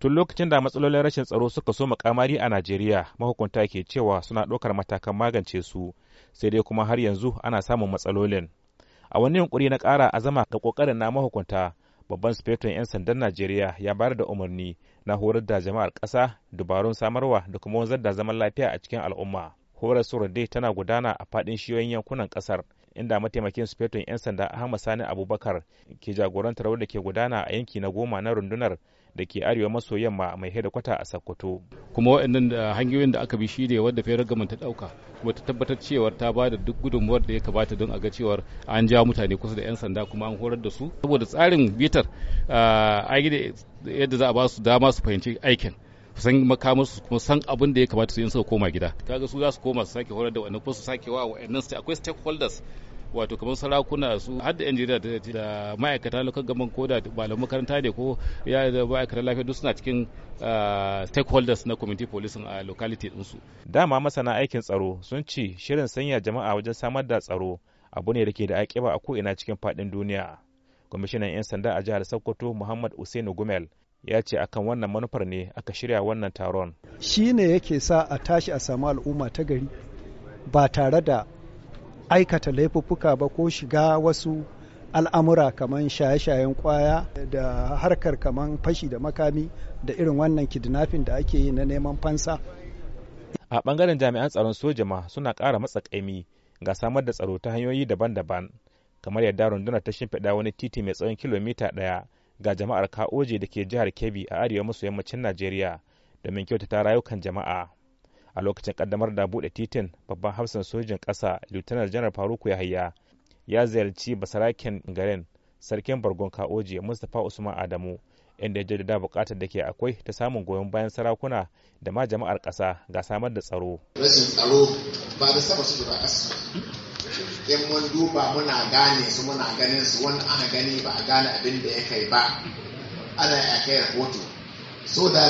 tun lokacin da matsalolin rashin tsaro suka soma makamari a najeriya mahukunta ke cewa suna ɗaukar matakan magance su sai dai kuma har yanzu ana samun matsalolin a wani yunkuri na ƙara azama ga ƙoƙarin na mahukunta babban sifeton 'yan sandan najeriya ya bayar da umarni na horar da jama'ar ƙasa dubarun samarwa da kuma wanzar da zaman lafiya a cikin al'umma horaswar dai tana gudana a faɗin shiyoyin yankunan kasar inda mataimakin sufetun 'yan sanda ahmad sani abubakar ke jagorantar wadda ke gudana a yanki na goma na rundunar da ke arewa maso yamma mai hedikwata a sokoto kuma waɗannan hanyoyin da aka bi shi ne wadda fayar gaman ta ɗauka kuma ta tabbatar cewar ta ba da duk gudunmuwar da ya kamata don a ga cewar an ja mutane kusa da 'yan sanda kuma an horar da su saboda tsarin bitar ah, yadda za a ba su dama su fahimci aikin san makamansu kuma san abin da ya kamata su yin suka koma gida kaga su za su koma su sake horar da wannan ko su sake wa wa'annan akwai stakeholders wato kamar sarakuna su har da injiniya da ma'aikata lokacin gaban ko da malam makaranta ne ko ya da ma'aikatan lafiya duk suna cikin ah, stakeholders na community policing a locality su dama masana aikin tsaro sun ce shirin sanya jama'a wajen samar da tsaro abu ne da ke da akiba a ko ina cikin fadin duniya kwamishinan 'yan sanda a jihar sokoto muhammad usainu gumel ya ce akan wannan manufar ne aka shirya wannan taron shi ne yake sa a tashi a samu al'umma ta gari ba tare da aikata laifuffuka ba ko shiga wasu al'amura kamar shaye-shayen kwaya da harkar kamar fashi da makami da irin wannan kidnapping da ake yi na neman fansa a bangaren jami'an tsaron soja ma suna ƙara matsakaimi ga samar da tsaro ta hanyoyi daban-daban kamar yadda rundunar ta shimfiɗa wani titi mai tsawon kilomita ɗaya ga jama'ar Kaoje da ke jihar Kebbi a arewa maso yammacin Najeriya domin kyautata rayukan jama'a. A lokacin kaddamar da buɗe titin babban hafsan sojin ƙasa Lieutenant General Faruku Yahaya ya ziyarci basaraken garin sarkin bargon Kaoje Mustapha Usman Adamu inda ya jaddada buƙatar da ke akwai ta samun goyon bayan sarakuna da ma jama'ar ƙasa ga samar da tsaro. Rashin tsaro ba da su in mun duba muna gane su muna ganin su wani ana gani ba a gane abin da ya kai ba ana ya kai rahoto so da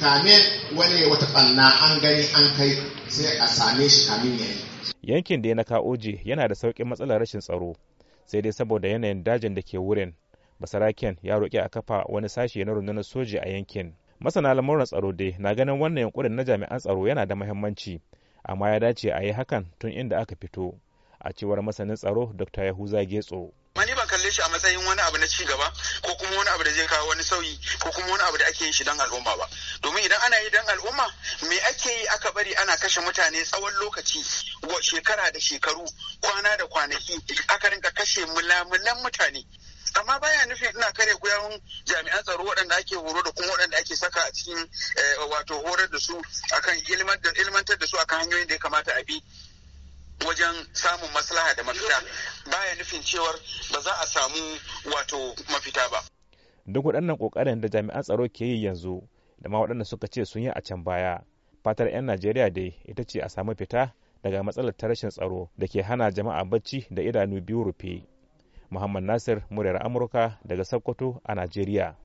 kame wani wata ɓanna an gani an kai sai a same shi kamin yayi yankin da ya na kaoji yana da sauƙin matsalar rashin tsaro sai dai saboda yanayin dajin da ke wurin basaraken ya roƙi a kafa wani sashe na rundunar soji a yankin masana lamuran tsaro dai na ganin wannan yankurin na jami'an tsaro yana da muhimmanci amma ya dace a yi hakan tun inda aka fito a cewar masanin tsaro dr yahuza getso mani ban kalle shi a matsayin wani abu na ci gaba ko kuma wani abu da zai kawo wani sauyi ko kuma wani abu da ake yin shi dan al'umma ba domin idan ana yi dan al'umma me ake yi aka bari ana kashe mutane tsawon lokaci wa shekara da shekaru kwana da kwanaki aka rinka kashe mulamulan mutane amma baya nufin ina kare gwiwan jami'an tsaro waɗanda ake horo da kuma waɗanda ake saka a cikin eh, wato horar da su akan ilmantar da su akan hanyoyin da ya kamata a bi wajen samun maslaha da mafita baya nufin cewar ba za a samu wato mafita ba duk waɗannan ƙoƙarin da jami'an tsaro ke yi yanzu da ma waɗanda suka ce sun yi a can baya fatar 'yan najeriya da ita ce a samu fita daga matsalar ta rashin tsaro da ke hana jama'a bacci da idanu biyu rufe muhammad nasir muryar amurka daga sokoto a najeriya